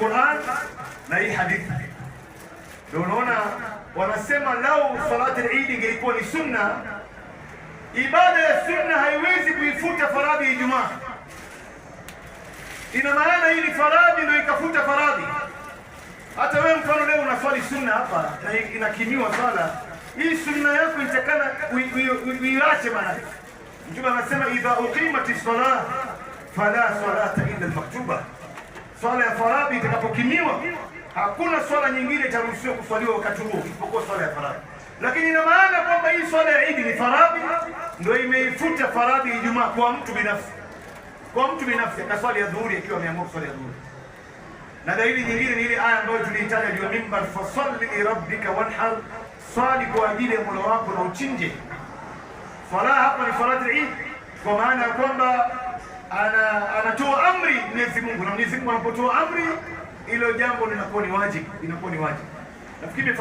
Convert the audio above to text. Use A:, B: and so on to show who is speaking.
A: Qur'an na hii hadithi. Ndio unaona wanasema lau salati al-Eid ingekuwa ni sunna, ibada ya sunna haiwezi kuifuta faradhi ya Ijumaa. Ina maana hii ni faradhi ndio ikafuta faradhi. Hata wewe mfano leo unaswali sunna hapa na inakimiwa sala hii, sunna yako itakana uiache. bana. Mtume anasema idha uqimatis salah fala salata illa al-maktuba Swala ya faradhi itakapokimiwa, hakuna swala nyingine itaruhusiwa kuswaliwa wakati huo isipokuwa swala ya faradhi. Lakini ina maana kwamba hii swala ya Idi ni faradhi, ndio imeifuta faradhi Ijumaa kwa mtu binafsi, kwa mtu binafsi akaswali ya dhuhuri akiwa ameamua kuswali ya dhuhuri. Na dalili nyingine ni ile aya ambayo tuliitaja juu ya mimbar, fasalli lirabbika wanhar, swali kwa ajili ya mola wako na uchinje. Swala hapa ni faradhi Idi, kwa maana ya kwamba ana anatoa amri Mwenyezi Mungu, na Mwenyezi Mungu anapotoa amri, ilo jambo linakuwa ni wajibu, inakuwa ni wajibu. Nafikiri